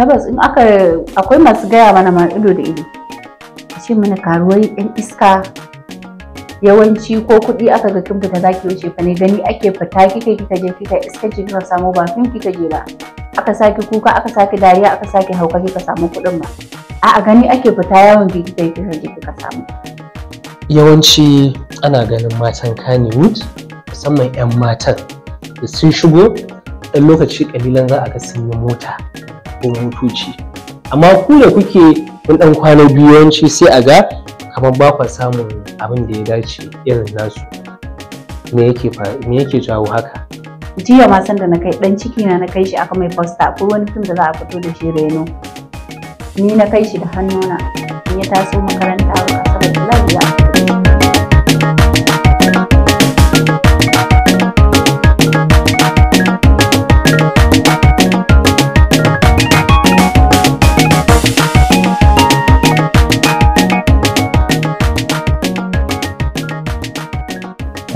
tabbas in aka akwai masu gaya mana ma ido da ido a ce mana karuwai yan iska yawanci ko kuɗi aka ga kin fita zaki wuce fa ne gani ake fita kike kika je kika iska ce kika samu ba kin kika je ba aka saki kuka aka saki dariya aka saki hauka kika samu kuɗin ba a'a gani ake fita yawan biki kika kika je kika samu yawanci ana ganin matan Kannywood musamman 'yan matan da sun shigo ɗan lokaci kalilan za a ga sun yi mota in mutuci, amma ku da kuke kun dan kwana biyu yawanci sai a ga kamar ba ku samun abin da ya dace irin nasu me yake me yake jawo haka jiya ma san da na kai dan ciki na na kai shi aka mai fosta, ko wani fim da za a fito da shi reno ni na kai shi da hannuna in ya taso makaranta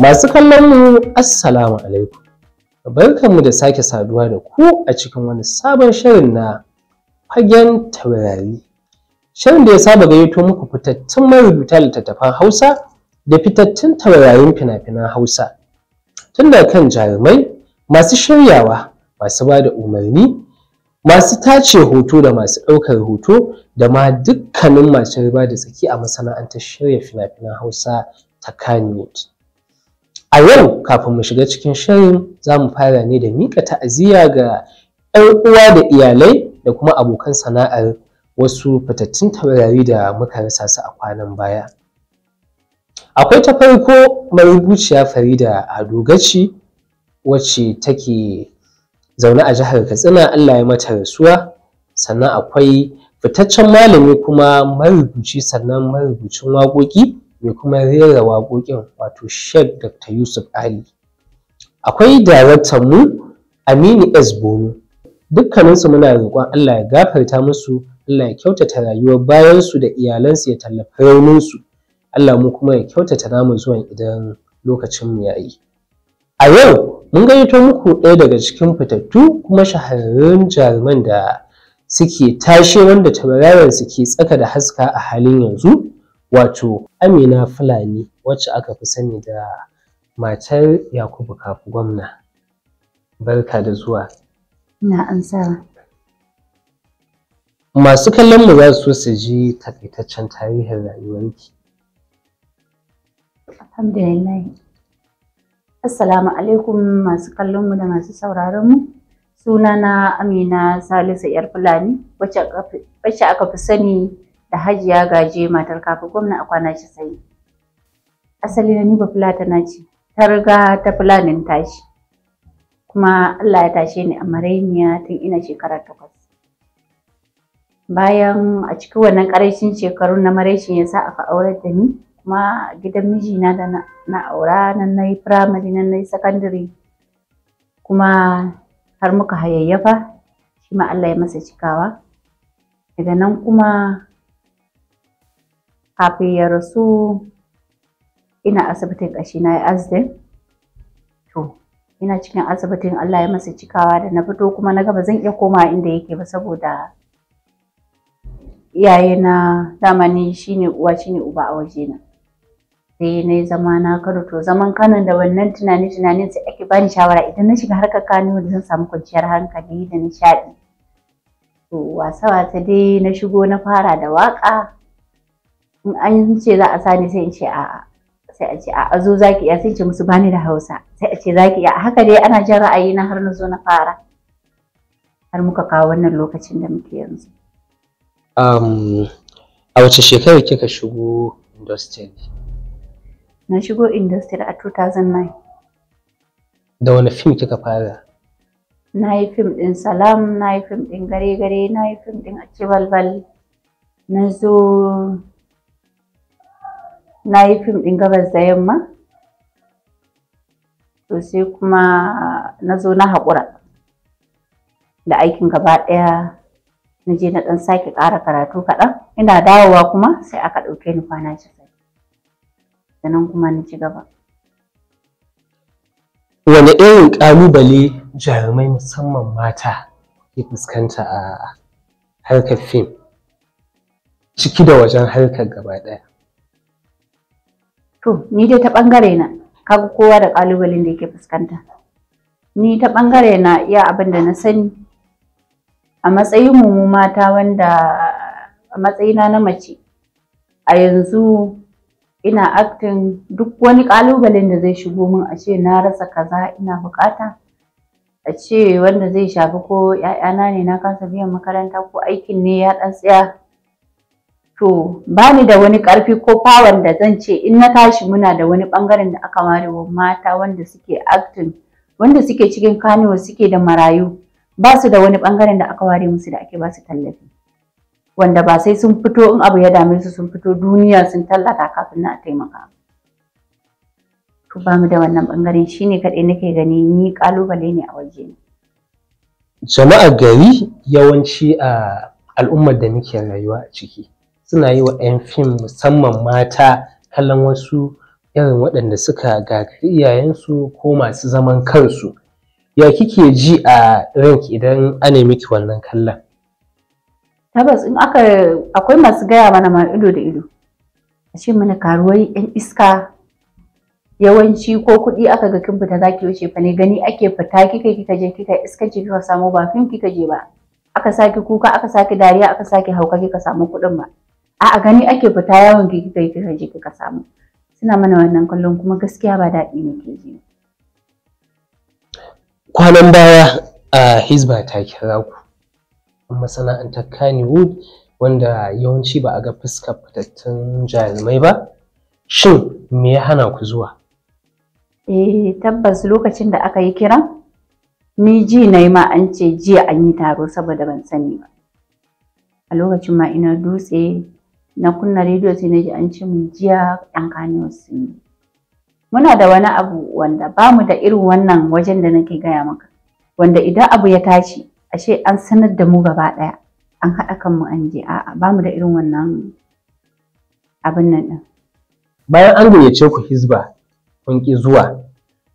Masu kallon mu Assalamu alaikum. Barkanmu da sake saduwa da ku a cikin wani sabon shirin na fagen taurari. Shirin da ya saba gayyato muku fitattun marubuta littattafan Hausa da fitattun taurarin fina-finan Hausa. Tunda kan jarumai, masu shiryawa, masu ba da umarni, masu tace hoto da masu ɗaukar hoto da ma dukkanin masu riba da tsaki a masana'antar shirya fina-finan Hausa ta Kannywood. A yau kafin mu shiga cikin shirin za mu fara ne da miƙa ta'aziyya ga 'yan uwa da iyalai da kuma abokan sana'ar wasu fitattun taurari da muka rasa su a kwanan baya. Akwai ta farko mai buciya Farida Ado Gaci wacce take zaune a jihar Katsina Allah ya mata rasuwa sannan akwai fitaccen malami kuma marubuci sannan marubucin waƙoƙi mai kuma rera waƙoƙin wato Sheikh Dr. Yusuf Ali. Akwai daraktan mu Aminu S. Bono. Dukkaninsu muna roƙon Allah ya gafarta musu, Allah ya kyautata rayuwar bayansu da iyalansu ya tallafa rauninsu. Allah mu kuma ya kyautata namun zuwan idan lokacin mu ya yi. A yau mun gayyato muku ɗaya daga cikin fitattu kuma shahararrun jaruman da suke tashe wanda tauraron ke tsaka da haska a halin yanzu wato Amina Fulani wacce aka fi sani da matar Yakubu Kafu gwamna. Barka da zuwa. Ina ansa. Masu kallon mu za su su ji takaitaccen tarihin rayuwarki. Alhamdulillah. Assalamu alaikum masu kallon mu da masu sauraron mu. Sunana Amina Salisu 'yar Fulani wacce aka fi sani da hajiya gaje matar kafin gwamna a kwana sai. asali na ni ba na ce ta riga ta fulanin tashi kuma Allah ya tashe ni a marainiya tun ina shekara takwas bayan a cikin wannan ƙarancin shekarun na maraicin ya sa aka aurar da ni kuma gidan mijina da na aura nan na yi firamare nan na yi sakandare kuma har muka hayayyafa shi ma Allah ya masa cikawa daga nan kuma kafin ya rasu ina asibitin ƙashi na yi to ina cikin asibitin Allah ya masa cikawa da na fito kuma na gaba zan iya koma inda yake ba saboda iyaye na zamani shine uwa shine uba a waje na sai na zama na Kano to zaman Kano da wannan tunani tunanin sai ake bani shawara idan na shiga harkar Kano da zan samu kwanciyar hankali da nishaɗi to wasa wasa dai na shigo na fara da waƙa in an ce za a sani sai in ce a'a sai a ce a zo za ki iya sai ce musu bani da hausa sai a ce za ki iya haka dai ana jin ra'ayi na har na zo na fara har muka kawo wannan lokacin da muke yanzu. Um, a wace shekarar kika shigo industry? na shigo industry a 2009. da wani fim kika fara? na yi fim ɗin salam na yi fim ɗin gare gare na yi fim ɗin a na zo na yi fim ɗin gabas da yamma to sai kuma na zo na haƙura da aikin gaba ɗaya na je na ɗan sake ƙara karatu kaɗan ina dawowa kuma sai aka ɗauke ni kwana casa'in sannan kuma na ci gaba wani irin ƙalubale jarumai musamman mata ke fuskanta a harkar fim ciki da wajen harkar gaba ɗaya To, ni dai ta ɓangare na, kaga kowa da ƙalubalen da yake fuskanta. Ni ta ɓangare na iya abin da na sani a matsayin mu mata wanda a matsayina na mace a yanzu ina aktin duk wani ƙalubalen da zai shigo min a ce na rasa kaza ina bukata a ce wanda zai shafi ko ‘ya'yana ne na kasa biyan makaranta ko aikin ne ya ɗan tsaya to bani da wani karfi ko power da zan ce in na tashi muna da wani bangaren da aka ware wa mata wanda suke acting wanda suke cikin kanewa suke da marayu ba su da wani bangaren da aka ware musu da ake ba su tallafi wanda ba sai sun fito in abu ya dame su sun fito duniya sun tallata kafin na taimaka to ba mu da wannan bangaren shine kadai nake gani ni kalubale ne a waje ne jama'ar gari yawanci a al'ummar da muke rayuwa a ciki suna yi wa 'yan fim musamman mata kallon wasu irin waɗanda suka gagari iyayensu ko masu zaman kansu ya kike ji a ranki idan ana miki wannan kallon tabbas in aka akwai masu gaya mana ma ido da ido a ce mana karuwai 'yan iska yawanci ko kuɗi aka ga kin fita zaki wuce fa ne gani ake fita kika kika je kika iskanci kika samu ba fin kika je ba aka saki kuka aka saki dariya aka saki hauka kika samu kuɗin ba a'a gani ake fita yawon ki kika yi kika je kika samu suna mana wannan kallon kuma gaskiya ba daɗi ne ke ji kwanan baya a hizba ta kira ku masana'antar kannywood wanda yawanci ba a ga fuskar fitattun jarumai ba shin me ya hana ku zuwa eh tabbas lokacin da aka yi kiran ni ji na yi ma an ce jiya an yi taro saboda ban sani ba a lokacin ma ina dutse na kunna rediyo sai na ji an ce mu jiya ɗan kano sun muna da wani abu wanda ba mu da irin wannan wajen da nake gaya maka wanda idan abu ya tashi ashe an sanar da mu gaba ɗaya an haɗa kanmu an je a'a ba mu da irin wannan abin nan ɗin. bayan an gayyace ku hizba kun ƙi zuwa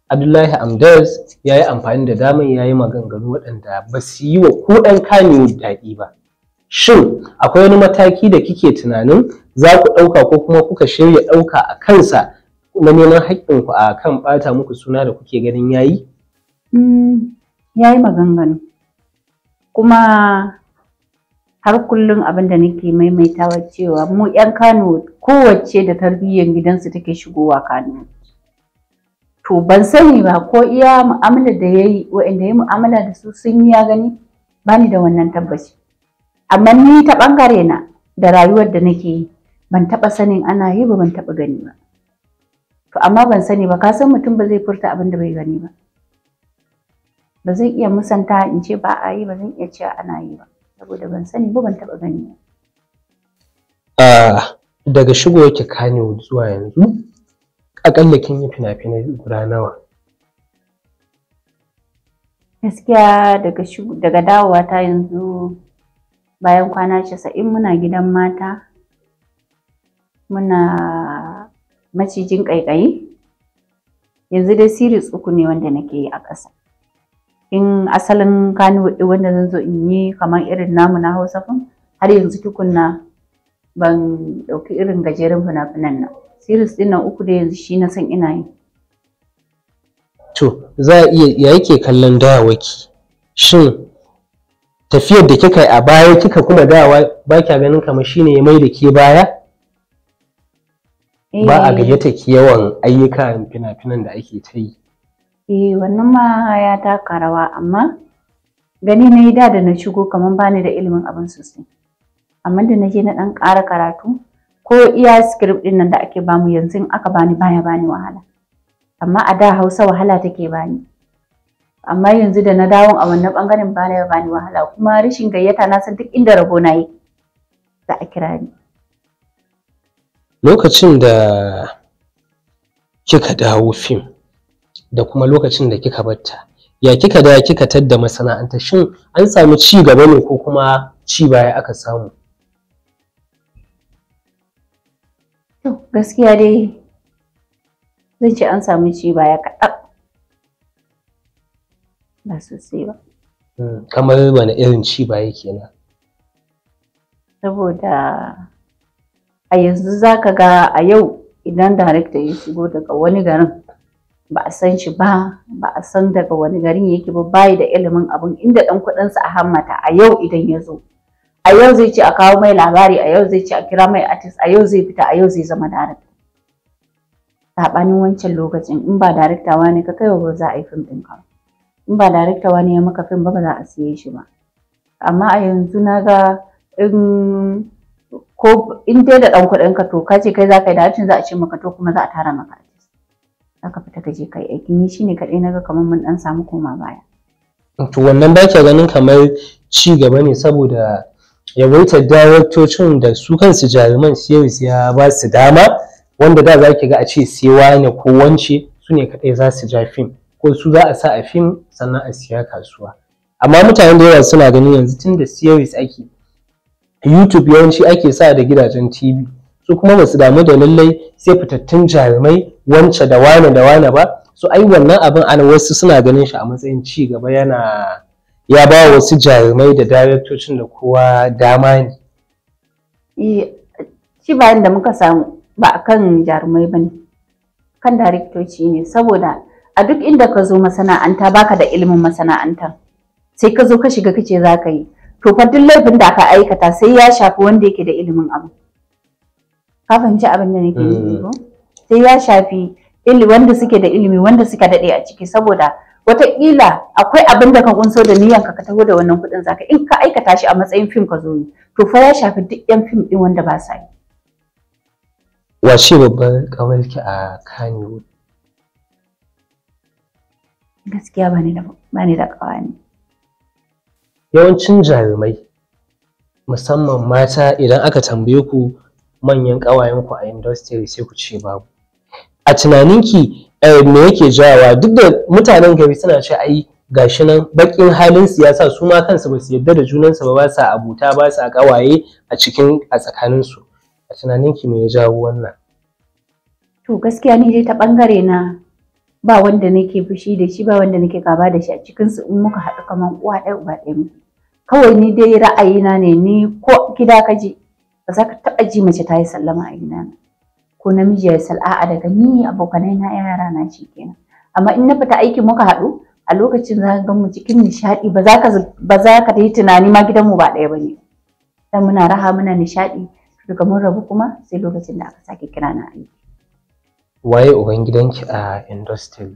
abdullahi amdals ya yi amfani da daman ya yi maganganu waɗanda ba su yi wa ko ɗan kaniwood daɗi ba shin akwai wani mataki da kike tunanin za ku ɗauka ko kuma kuka shirya ɗauka a kansa na neman haƙƙinku a kan ɓata muku suna da kuke ganin yayi? Mm, ya yi maganganu kuma har kullum abin da nake maimaitawa cewa mu 'yan kano kowace da tarbiyyar gidansu take shigowa kano to ban sani ba ko iya mu'amala da ya yi wa'inda ya mu'amala da su sun yi ya gani bani da wannan tabbaci amma ni ta bangare na da rayuwar da nake yi ban taba sanin ana yi ba ban taba gani ba to amma ban sani ba ka san mutum ba zai furta abin da bai gani ba ba zan iya musanta in ce ba a yi ba zan iya cewa ana yi ba saboda ban sani ba ban taba gani ba daga shigo yake kane zuwa yanzu akalla kin yi fina-finai guda nawa gaskiya daga dawowa ta yanzu bayan kwana casa'in muna gidan mata muna macijin ƙaiƙayi yanzu dai series uku ne wanda nake yi a ƙasa in asalin kaniwood wanda zan zo in yi kamar irin namu na hausa fun har yanzu tukunna ban ɗauki irin gajeren fina-finan nan series ɗin nan uku da yanzu shi na san ina yi to za a iya ya yake kallon dawaki shin tafiyar da kika yi a baya kika kuma dawa ba kya ganin kamar shine ya mai da ke baya ba a eh. gayyata ke yawan ayyuka fina-finan da ake ta yi eh wannan ma ya taka rawa amma gani na yi da da na shigo kamar ba ni da ilimin abin sosai amma da na je na ɗan ƙara karatu ko iya script din nan da ake bamu yanzu in aka bani baya bani wahala amma a da Hausa wahala take bani amma yanzu da na dawo a wannan bangaren ba ya bani wahala kuma rashin gayyata na san duk inda rabo na yi za a kira ni lokacin da kika dawo fim da kuma lokacin da kika batta ya kika da kika tadda masana'anta shin an samu ci gaba ne ko kuma ci baya aka samu gaskiya dai zan ce an samu ci baya kaɗan ba sosai ba hmm, kamar wani irin ci yake na. saboda a yanzu za ka ga a yau idan director ya shigo daga wani garin ba a san shi ba ba a san daga wani garin yake ba bayi da ilimin abin, inda dan kuɗinsa a hammata a yau idan ya zo a yau zai ce a kawo mai labari a yau zai ce a kira mai atis, a yau zai fita a yau zai zama director sabanin wancan lokacin in ba director wani ka kai ba za a yi fim ɗin ka in ba darekta wani ya maka fim ba ba za a siye shi ba amma a yanzu na ga in ko in dai da dan kuɗin ka to ka ce kai za ka yi dacin za a ce maka to kuma za a tara maka za ka fita ka je ka yi aiki ni shine kaɗai na ga kamar mun ɗan samu koma baya. to wannan ba ke ganin kamar ci gaba ne saboda ya yawaitar daraktocin da su kansu jaruman series ya ba su dama wanda da za ki ga a ce sai ne ko wance su ne kaɗai za su ja fim ko su za a sa a fim sannan a siya kasuwa amma mutane da yawa suna ganin yanzu tun da series ake youtube yawanci ake sa da gidajen tv su kuma ba su damu da lallai sai fitattun jarumai wance da wane da wane ba su ai wannan abin ana wasu suna ganin shi a matsayin ci gaba yana ya ba wasu jarumai da directocin da kowa dama ne e, shi bayan da muka samu ba kan jarumai ba ne kan directoci ne saboda a duk inda ka zo masana'anta baka da ilimin masana'anta sai ka zo ka shiga kace za ka yi to fa duk laifin da aka aikata sai ya shafi wanda yake da ilimin abu ka fahimci abin da nake nufi ko mm. sai ya shafi wanda suke da ilimi wanda suka dade a ciki saboda wata wataƙila akwai abin da ka kunso da niyan ka taho da wannan kuɗin zaka in ka aikata shi a matsayin fim ka zo to fa ya shafi duk yan fim din wanda ba sa yi wace babbar kawalki a Kannywood gaskiya ba ni da ƙawani yawancin jarumai musamman mata idan aka tambaye ku manyan ku a industry sai ku ce babu a tunaninki eh, me yake jawa duk da mutanen gari suna ce ai gashi nan bakin halin siyasa su ma kansu ba su yarda da junansu ba ba sa abuta ba sa kawaye a cikin a tsakaninsu a tunaninki me ya jawo wannan to gaskiya ni dai ta bangare na ba wanda nake fushi da shi ba wanda nake gaba da shi a cikinsu in muka haɗu kamar uwa ɗaya uba ɗaya mu kawai ni dai ra'ayina ne ni ko gida ka je ba za ka taɓa ji mace ta yi sallama a gida ko namiji ya sal'a daga ni abokanai na yara na shi kenan amma in na fita aiki muka haɗu a lokacin za ka mu cikin nishaɗi ba za ka ba za ka yi tunani ma gidan mu ba ɗaya bane dan muna raha muna nishaɗi daga mun rabu kuma sai lokacin da aka sake kira na aiki waye gidanki a industry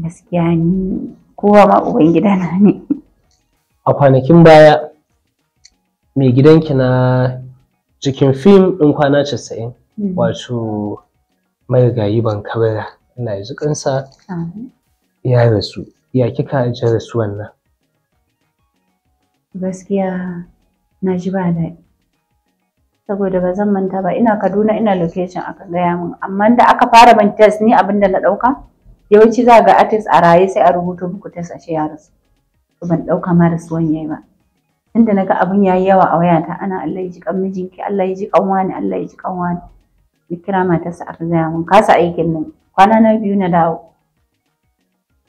gaskiya ni kowa ma uban gidana ne a kwanakin baya mai gidanki na cikin fim din kwana 90, hmm. wato marigayi ban kabira ina yi kansa ya rasu ya kika ji su wannan. gaskiya na ji ba daɗi saboda ba zan manta ba ina Kaduna ina location aka gaya min amma da aka fara ban test ni abin da na ɗauka yawanci za ga artist a raye sai a rubuto muku test a ya rasu su ban ɗauka ma wani yayi ba tunda naga abin yayi yawa a wayata ana Allah ya ji kan mijinki Allah ya ji kan wani Allah ya ji kan wani ni kira sa aka gaya min kasa aikin nan kwana na biyu na dawo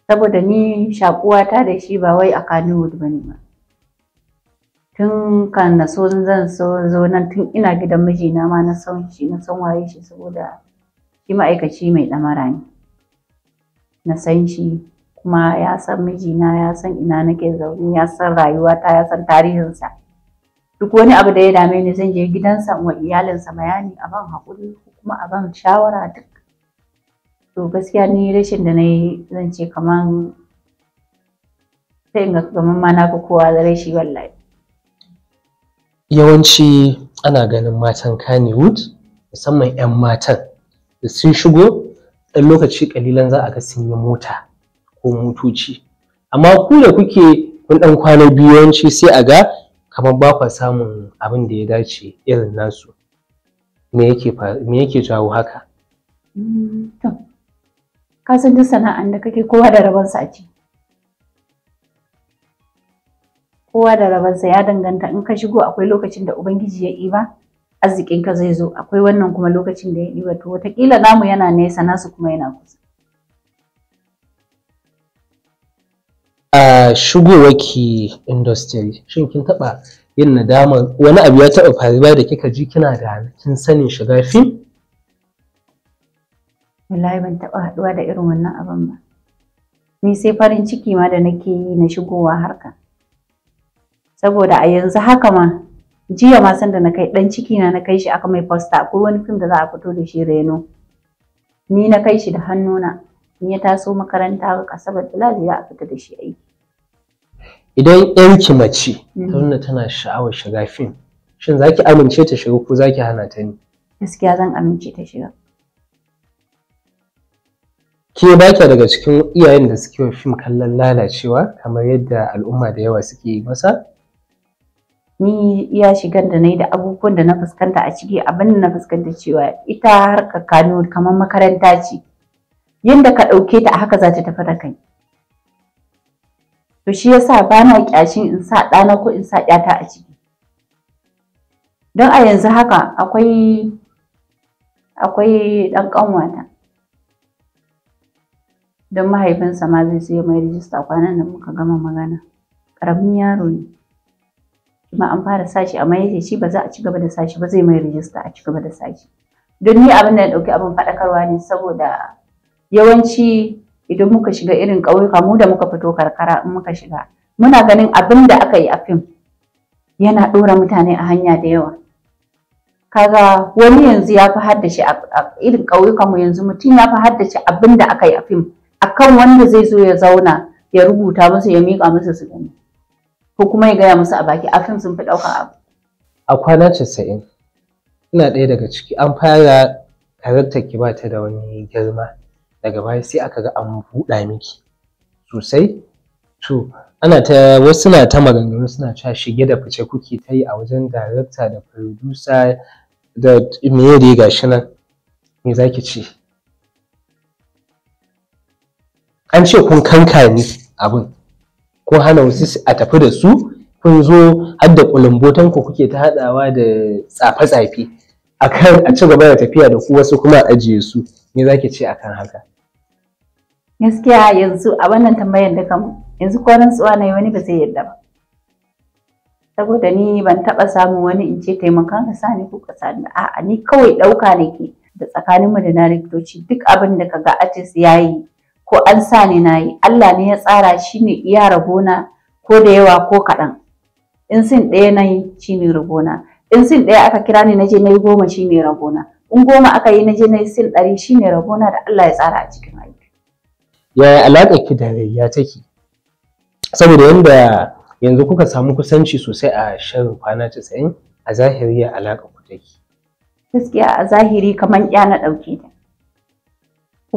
saboda ni shakuwa ta da shi ba wai a Kannywood bane ba tun kan na so zan so zo nan tun ina gidan mijina ma na san shi na san waye shi saboda shi ma'aikaci mai ɗamara ne na san shi kuma ya san mijina ya san ina nake zaune ya san rayuwata ya san tarihinsa duk wani abu da ya dame ni zan je gidansa wa iyalinsa bayani a ban haƙuri kuma a ban shawara duk to gaskiya ni rashin da na yi zan ce kaman sai in ga kaman ma na fi kowa da rashi wallahi yawanci ana ganin matan Kannywood musamman 'yan matan da sun shigo ɗan lokaci ƙalilan za a ga sun yi mota ko motoci amma ku da kuke kun ɗan kwana biyu yawanci sai a ga kamar ba kwa samun abin da ya dace irin nasu me yake jawo haka mm, ka san duk sana'an da kake kowa da rabon sati. kowa da rabansa ya danganta in ka shigo akwai lokacin da ubangiji ya ɗiba arzikin ka zai zo akwai wannan kuma lokacin da ya ɗiba to wataƙila namu yana nesa nasu kuma yana kusa a shigowaki industry shin kin taɓa yin nadama wani abu ya taɓa faruwa da kika ji kina da kin sanin shiga fim wallahi ban taɓa haɗuwa da irin wannan abin ba ni sai farin ciki ma da nake yi na shigowa harka saboda a yanzu haka ma jiya ma sanda na kai dan ciki na na kai shi aka mai poster akwai wani film da za a fito da shi reno ni na kai shi da hannuna in ya taso makaranta ga kasabar za ya fita da shi aiki idan yanki mace mm. tunda tana sha'awar shiga film shin zaki amince ta shiga ko zaki hana ta ni? gaskiya zan amince ta shiga ke baki daga cikin iyayen da suke wa fim kallon lalacewa kamar yadda al'umma da yawa suke masa ni iya shigar da na yi da abubuwan da na fuskanta a ciki abin da na fuskanta cewa ita harkar kano kamar makaranta ce yadda ka ɗauke ta a haka za ta tafi da kai to shi yasa ba na ƙyashin in sa ɗana ko in sa ƴata a ciki don a yanzu haka akwai akwai ɗan ƙanwata don mahaifinsa ma zai sai mai rijista kwanan da muka gama magana ƙaramin yaro ne kuma an fara sashi amma yace shi ba za a ci gaba da sashi ba zai mai rijista a ci gaba da sashi don ni abin da ya dauki abin faɗakarwa ne saboda yawanci idan muka shiga irin ƙauyuka mu da muka fito karkara in muka shiga muna ganin abin da aka yi a fim yana ɗora mutane a hanya da yawa kaga wani yanzu ya fi haddace a irin ƙauyukan mu yanzu mutum ya fi haddace abin da aka yi a fim akan wanda zai zo ya zauna ya rubuta musu, ya miƙa musu su gani ko kuma ya gaya musu a baki a fim sun fi ɗaukar abu. A kwana casa'in ina ɗaya daga ciki an fara karaktar ki ba ta da wani girma daga baya sai aka ga an buɗa miki sosai to ana ta wasu na ta maganganu suna cewa shige da fice kuke ta a wajen darakta da producer da meye da gashi nan me zaki ce an ce kun kanka ni abin ko hana wasu a tafi da su kun zo har da kulumbotan ku kuke ta haɗawa da tsafe-tsafe akan a ci gaba da tafiya da ku wasu kuma ajiye su me zaki ce akan haka gaskiya yanzu a wannan tambayar da kamu, yanzu ko rantsuwa na wani ba zai yarda ba saboda ni ban taɓa samun wani in ce taimakon ka sa ni ko ka sa ni a'a ni kawai ɗauka nake da tsakanin mu da na rikitoci, duk abin da kaga artist yayi ko an sa ni na yi Allah ne ya tsara shi ne iya rabona ko da yawa ko kaɗan in sin ɗaya na yi shi ne rabona in sin ɗaya aka kira ni na je na yi goma shi ne rabona in goma aka yi na je na yi sin ɗari shi ne rabona da Allah ya tsara a cikin aiki. Yaya alaƙar ki da rayuwa take? Saboda yanda yanzu kuka samu kusanci sosai a shan kwana casa'in a zahiri ya alaƙar ku take. Gaskiya a zahiri kamar ya na ɗauke ta.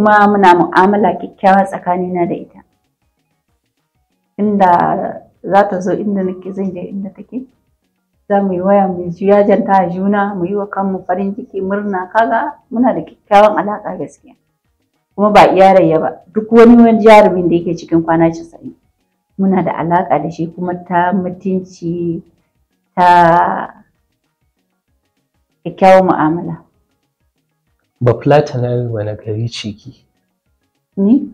kuma muna mu'amala kyakkyawa tsakanina da ita inda za ta zo inda nake zan je inda take za mu yi waya mu juya janta a juna mu yi wa kanmu farin ciki murna kaga muna da kyakkyawan alaƙa gaskiya kuma ba iya rayya ba duk wani wani jarumin da yake cikin kwana casa'in muna da alaƙa da shi kuma ta mutunci ta kyakkyawan mu'amala Ba Bafulatanar wani gari ciki. Ni?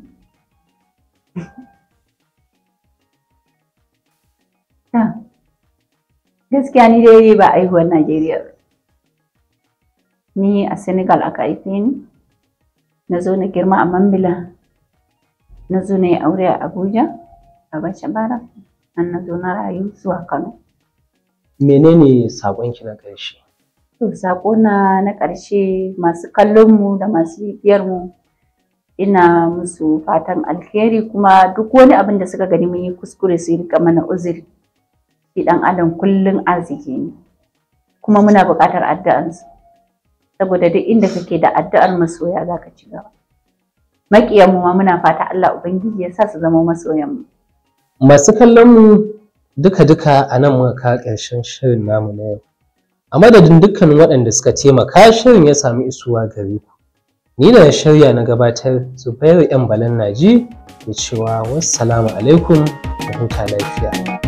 Gaskiya ni dai ba aihuwar Najeriya Ni a Senegal aka haife ni, na zo na girma a Mambila, na zo na yi aure a Abuja, a Bacha Bara, an na zo na rayu zuwa Kano. Menene sakonki na ƙarshe? To sako na ƙarshe masu kallonmu da masu biyar mu ina musu fatan alheri kuma duk wani abin da suka gani mun yi kuskure su rika mana uzuri. Shi ɗan adam kullum arziki ne. Kuma muna buƙatar addu'ansu. Saboda duk inda kake da addu'ar masoya za ka ci gaba. Maƙiyanmu ma muna fata Allah Ubangiji ya sa su zama masoyanmu. Masu kallon mu duka-duka a nan muka kawo ƙarshen shirin namu na yau. A madadin dukkanin waɗanda suka taimaka shirin ya sami isuwa gare ku. Ni da na shirya na gabatar su Zubairu ‘yan balan naji da cewa wassalamu alaikum da huta lafiya.